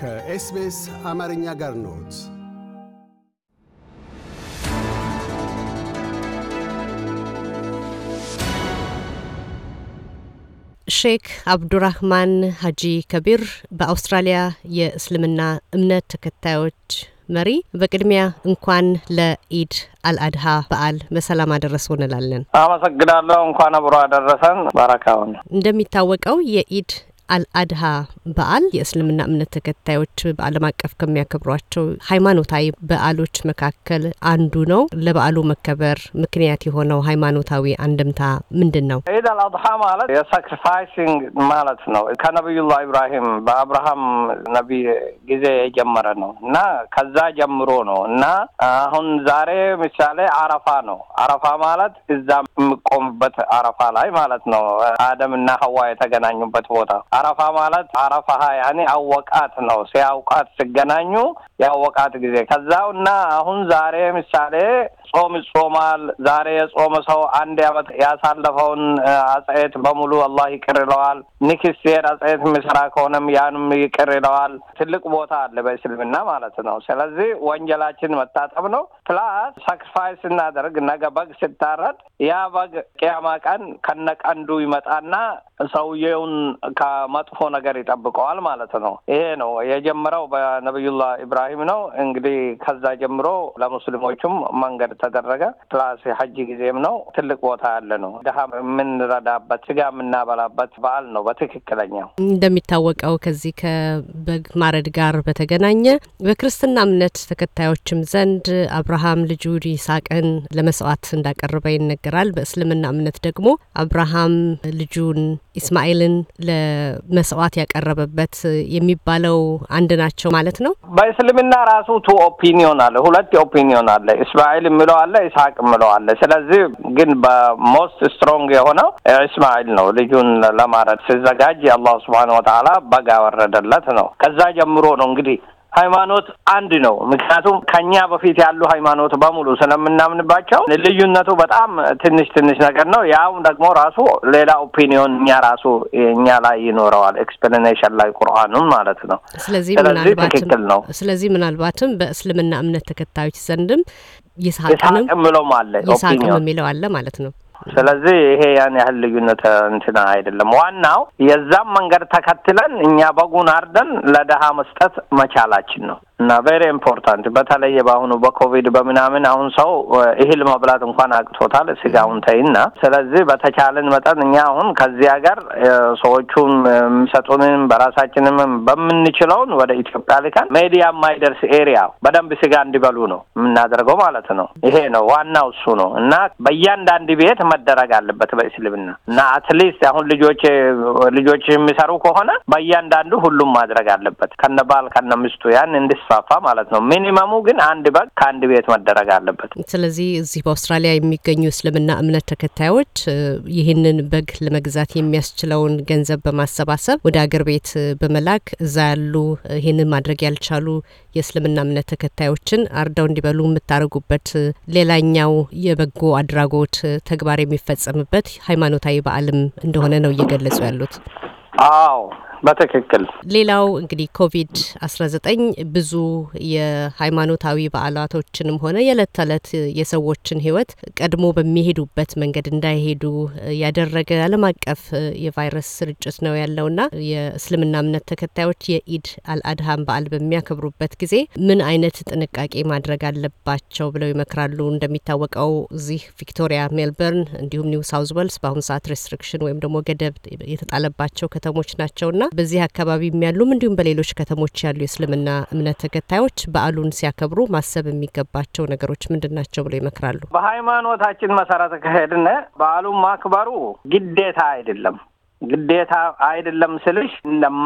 ከኤስቤስ አማርኛ ጋር ነት ሼክ አብዱራህማን ሀጂ ከቢር በአውስትራሊያ የእስልምና እምነት ተከታዮች መሪ፣ በቅድሚያ እንኳን ለኢድ አልአድሃ በዓል በሰላም አደረሰው እንላለን። አመሰግናለሁ። እንኳን አብሮ አደረሰን። ባረካውን። እንደሚታወቀው የኢድ አልአድሃ በዓል የእስልምና እምነት ተከታዮች በዓለም አቀፍ ከሚያከብሯቸው ሃይማኖታዊ በዓሎች መካከል አንዱ ነው። ለበዓሉ መከበር ምክንያት የሆነው ሃይማኖታዊ አንድምታ ምንድን ነው? ኢድ አልአድሃ ማለት የሳክሪፋይሲንግ ማለት ነው። ከነቢዩላ ኢብራሂም በአብርሃም ነቢይ ጊዜ የጀመረ ነው እና ከዛ ጀምሮ ነው እና አሁን ዛሬ ምሳሌ አረፋ ነው። አረፋ ማለት እዛ የምቆምበት አረፋ ላይ ማለት ነው። አደምና ሀዋ የተገናኙበት ቦታ አረፋ ማለት አረፋ ያኔ አወቃት ነው። ሲያውቃት ሲገናኙ ያወቃት ጊዜ ከዛውና አሁን ዛሬ ምሳሌ ጾም ይጾማል። ዛሬ የጾመ ሰው አንድ ያመት ያሳለፈውን አጽት በሙሉ አላህ ይቅር ይለዋል። ንክስ ሲሄድ አጽየት የሚሰራ ከሆነም ያንም ይቅር ይለዋል። ትልቅ ቦታ አለ በእስልምና ማለት ነው። ስለዚህ ወንጀላችን መታጠብ ነው። ፕላስ ሳክሪፋይስ ስናደርግ ነገ በግ ስታረድ ያ በግ ቅያማ ቀን ከነቀንዱ ይመጣና ሰውየውን ከመጥፎ ነገር ይጠብቀዋል ማለት ነው። ይሄ ነው የጀመረው በነቢዩላህ ኢብራሂም ነው። እንግዲህ ከዛ ጀምሮ ለሙስሊሞቹም መንገድ ተደረገ። ፕላስ የሀጅ ጊዜም ነው። ትልቅ ቦታ ያለ ነው። ድሀ የምንረዳበት ስጋ የምናበላበት በዓል ነው በትክክለኛው። እንደሚታወቀው ከዚህ ከበግ ማረድ ጋር በተገናኘ በክርስትና እምነት ተከታዮችም ዘንድ አብርሃም ልጁ ይስሐቅን ለመስዋዕት እንዳቀረበ ይነገራል። በእስልምና እምነት ደግሞ አብርሃም ልጁን ኢስማኤልን ለመስዋዕት ያቀረበበት የሚባለው አንድ ናቸው ማለት ነው። በእስልምና ራሱ ቱ ኦፒኒዮን አለ፣ ሁለት ኦፒኒዮን አለ። እስማኤል ምለዋለ ኢስሐቅ ምለዋለ። ስለዚህ ግን በሞስት ስትሮንግ የሆነው እስማኤል ነው። ልጁን ለማረድ ሲዘጋጅ የአላህ ስብሓን ወተዓላ በጋ ወረደለት ነው። ከዛ ጀምሮ ነው እንግዲህ ሃይማኖት አንድ ነው። ምክንያቱም ከኛ በፊት ያሉ ሃይማኖት በሙሉ ስለምናምንባቸው ልዩነቱ በጣም ትንሽ ትንሽ ነገር ነው። ያውም ደግሞ ራሱ ሌላ ኦፒኒዮን እኛ ራሱ እኛ ላይ ይኖረዋል ኤክስፕሌኔሽን ላይ ቁርአኑን ማለት ነው። ስለዚህ ትክክል ነው። ስለዚህ ምናልባትም በእስልምና እምነት ተከታዮች ዘንድም ይስሐቅም ምለውም አለ ይስሐቅም የሚለው አለ ማለት ነው። ስለዚህ ይሄ ያን ያህል ልዩነት እንትና አይደለም። ዋናው የዛም መንገድ ተከትለን እኛ በጉን አርደን ለድሀ መስጠት መቻላችን ነው። እና ቬሪ ኢምፖርታንት በተለየ በአሁኑ በኮቪድ በምናምን አሁን ሰው እህል መብላት እንኳን አቅቶታል። ስጋውን ተይና። ስለዚህ በተቻለን መጠን እኛ አሁን ከዚያ ጋር ሰዎቹም የሚሰጡንም በራሳችንም በምንችለውን ወደ ኢትዮጵያ ልካን ሜዲያ ማይደርስ ኤሪያ በደንብ ስጋ እንዲበሉ ነው የምናደርገው ማለት ነው። ይሄ ነው ዋናው እሱ ነው እና በእያንዳንድ ቤት መደረግ አለበት በእስልምና እና አትሊስት አሁን ልጆች ልጆች የሚሰሩ ከሆነ በእያንዳንዱ ሁሉም ማድረግ አለበት ከነ ባል ከነ ሚስቱ ያን እንድስ እንዲስፋፋ ማለት ነው። ሚኒመሙ ግን አንድ በግ ከአንድ ቤት መደረግ አለበት። ስለዚህ እዚህ በአውስትራሊያ የሚገኙ እስልምና እምነት ተከታዮች ይህንን በግ ለመግዛት የሚያስችለውን ገንዘብ በማሰባሰብ ወደ አገር ቤት በመላክ እዛ ያሉ ይህንን ማድረግ ያልቻሉ የእስልምና እምነት ተከታዮችን አርደው እንዲበሉ የምታደርጉበት ሌላኛው የበጎ አድራጎት ተግባር የሚፈጸምበት ሃይማኖታዊ በዓልም እንደሆነ ነው እየገለጹ ያሉት። አዎ በትክክል ሌላው እንግዲህ ኮቪድ አስራ ዘጠኝ ብዙ የሃይማኖታዊ በዓላቶችንም ሆነ የዕለት ተዕለት የሰዎችን ህይወት ቀድሞ በሚሄዱበት መንገድ እንዳይሄዱ ያደረገ ዓለም አቀፍ የቫይረስ ስርጭት ነው ያለውና የእስልምና እምነት ተከታዮች የኢድ አልአድሃን በዓል በሚያከብሩበት ጊዜ ምን አይነት ጥንቃቄ ማድረግ አለባቸው ብለው ይመክራሉ? እንደሚታወቀው እዚህ ቪክቶሪያ፣ ሜልበርን እንዲሁም ኒው ሳውዝ ዌልስ በአሁኑ ሰዓት ሬስትሪክሽን ወይም ደግሞ ገደብ የተጣለባቸው ከተሞች ናቸውና በዚህ አካባቢ የሚያሉም እንዲሁም በሌሎች ከተሞች ያሉ የእስልምና እምነት ተከታዮች በዓሉን ሲያከብሩ ማሰብ የሚገባቸው ነገሮች ምንድን ናቸው ብሎ ይመክራሉ? በሃይማኖታችን መሰረት ከሄድን በዓሉን ማክበሩ ግዴታ አይደለም። ግዴታ አይደለም ስልሽ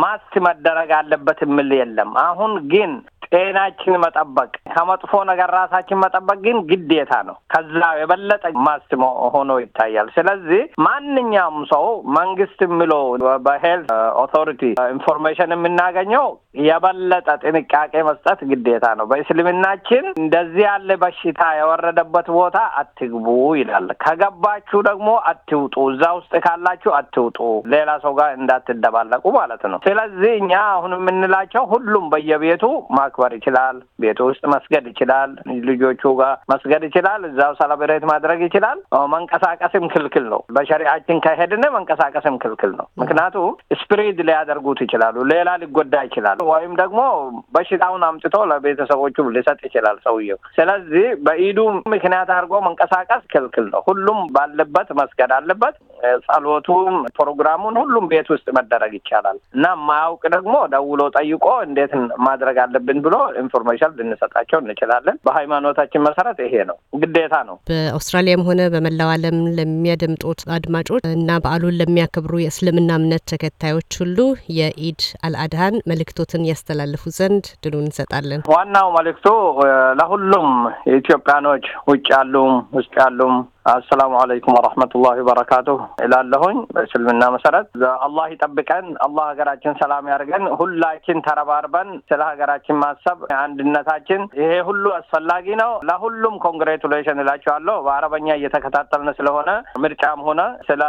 ማስክ መደረግ አለበት የሚል የለም። አሁን ግን ጤናችን መጠበቅ ከመጥፎ ነገር ራሳችን መጠበቅ ግን ግዴታ ነው። ከዛ የበለጠ ማስት ሆኖ ይታያል። ስለዚህ ማንኛውም ሰው መንግስት የሚለው በሄልት ኦቶሪቲ ኢንፎርሜሽን የምናገኘው የበለጠ ጥንቃቄ መስጠት ግዴታ ነው። በእስልምናችን እንደዚህ ያለ በሽታ የወረደበት ቦታ አትግቡ ይላል። ከገባችሁ ደግሞ አትውጡ፣ እዛ ውስጥ ካላችሁ አትውጡ፣ ሌላ ሰው ጋር እንዳትደባለቁ ማለት ነው። ስለዚህ እኛ አሁን የምንላቸው ሁሉም በየቤቱ ማክበር ይችላል። ቤቱ ውስጥ መስገድ ይችላል። ልጆቹ ጋር መስገድ ይችላል። እዛው ሰለብሬት ማድረግ ይችላል። መንቀሳቀስም ክልክል ነው። በሸሪአችን ከሄድን መንቀሳቀስም ክልክል ነው። ምክንያቱም ስፕሪድ ሊያደርጉት ይችላሉ። ሌላ ሊጎዳ ይችላል። ወይም ደግሞ በሽታውን አምጥቶ ለቤተሰቦቹ ሊሰጥ ይችላል ሰውየው። ስለዚህ በኢዱ ምክንያት አድርጎ መንቀሳቀስ ክልክል ነው። ሁሉም ባለበት መስገድ አለበት። ጸሎቱም ፕሮግራሙን ሁሉም ቤት ውስጥ መደረግ ይቻላል እና ማያውቅ ደግሞ ደውሎ ጠይቆ እንዴት ማድረግ አለብን ብሎ ኢንፎርሜሽን ልንሰጣቸው እንችላለን። በሃይማኖታችን መሰረት ይሄ ነው፣ ግዴታ ነው። በአውስትራሊያም ሆነ በመላው ዓለም ለሚያደምጡት አድማጮች እና በዓሉን ለሚያከብሩ የእስልምና እምነት ተከታዮች ሁሉ የኢድ አልአድሃን መልእክቶ መልእክቶትን ያስተላልፉ ዘንድ ድሉ እንሰጣለን። ዋናው መልእክቱ ለሁሉም የኢትዮጵያኖች ውጭ ያሉም ውስጥ ያሉም አሰላሙ አለይኩም ወረህመቱላሂ ወበረካቱ እላለሁኝ። በእስልምና መሰረት አላህ ይጠብቀን፣ አላህ ሀገራችን ሰላም ያርገን ሁላችን ተረባርበን ስለ ሀገራችን ማሰብ አንድነታችን፣ ይሄ ሁሉ አስፈላጊ ነው። ለሁሉም ኮንግሬቱሌሽን እላቸዋለሁ። በአረበኛ እየተከታተልን ስለሆነ ምርጫም ሆነ ስለ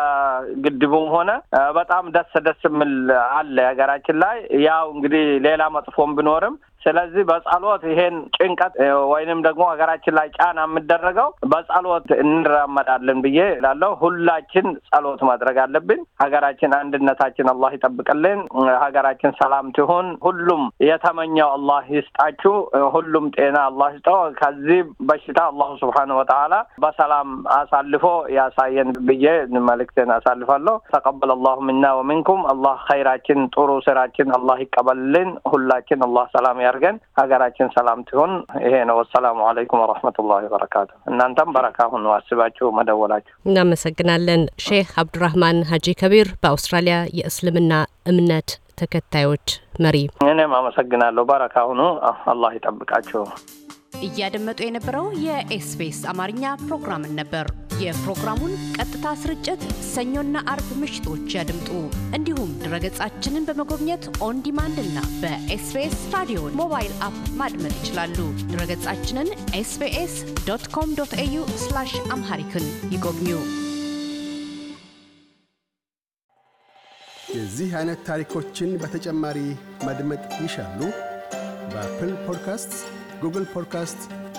ግድቡም ሆነ በጣም ደስ ደስ የሚል አለ ሀገራችን ላይ ያው እንግዲህ ሌላ መጥፎም ቢኖርም ስለዚህ በጸሎት ይሄን ጭንቀት ወይንም ደግሞ ሀገራችን ላይ ጫና የምደረገው በጸሎት እንረ እንራመዳለን ብዬ ላለው ሁላችን ጸሎት ማድረግ አለብን። ሀገራችን አንድነታችን አላህ ይጠብቅልን። ሀገራችን ሰላም ትሁን። ሁሉም የተመኘው አላህ ይስጣችሁ። ሁሉም ጤና አላህ ይስጠው። ከዚህ በሽታ አላሁ ስብሓነሁ ወተዓላ በሰላም አሳልፎ ያሳየን ብዬ መልእክቴን አሳልፋለሁ። ተቀበል አላሁ ሚና ወሚንኩም። አላህ ኸይራችን፣ ጥሩ ስራችን አላህ ይቀበልልን። ሁላችን አላህ ሰላም ያርገን። ሀገራችን ሰላም ትሁን። ይሄ ነው። ወሰላሙ አለይኩም ወረሕመቱላሂ ወበረካቱ። እናንተም በረካ ሁኑ ናቸው መደወላቸው። እናመሰግናለን። ሼህ አብዱራህማን ሀጂ ከቢር በአውስትራሊያ የእስልምና እምነት ተከታዮች መሪ። እኔም አመሰግናለሁ። ባረካ ሁኑ። አላህ ይጠብቃቸው። እያደመጡ የነበረው የኤስቢኤስ አማርኛ ፕሮግራምን ነበር። የፕሮግራሙን ቀጥታ ስርጭት ሰኞና አርብ ምሽቶች ያድምጡ። እንዲሁም ድረገጻችንን በመጎብኘት ኦን ዲማንድ እና በኤስቤስ ራዲዮ ሞባይል አፕ ማድመጥ ይችላሉ። ድረገጻችንን ኤስቤስ ዶት ኮም ዶት ኤዩ አምሃሪክን ይጎብኙ። የዚህ አይነት ታሪኮችን በተጨማሪ ማድመጥ ይሻሉ? በአፕል ፖድካስት፣ ጉግል ፖድካስት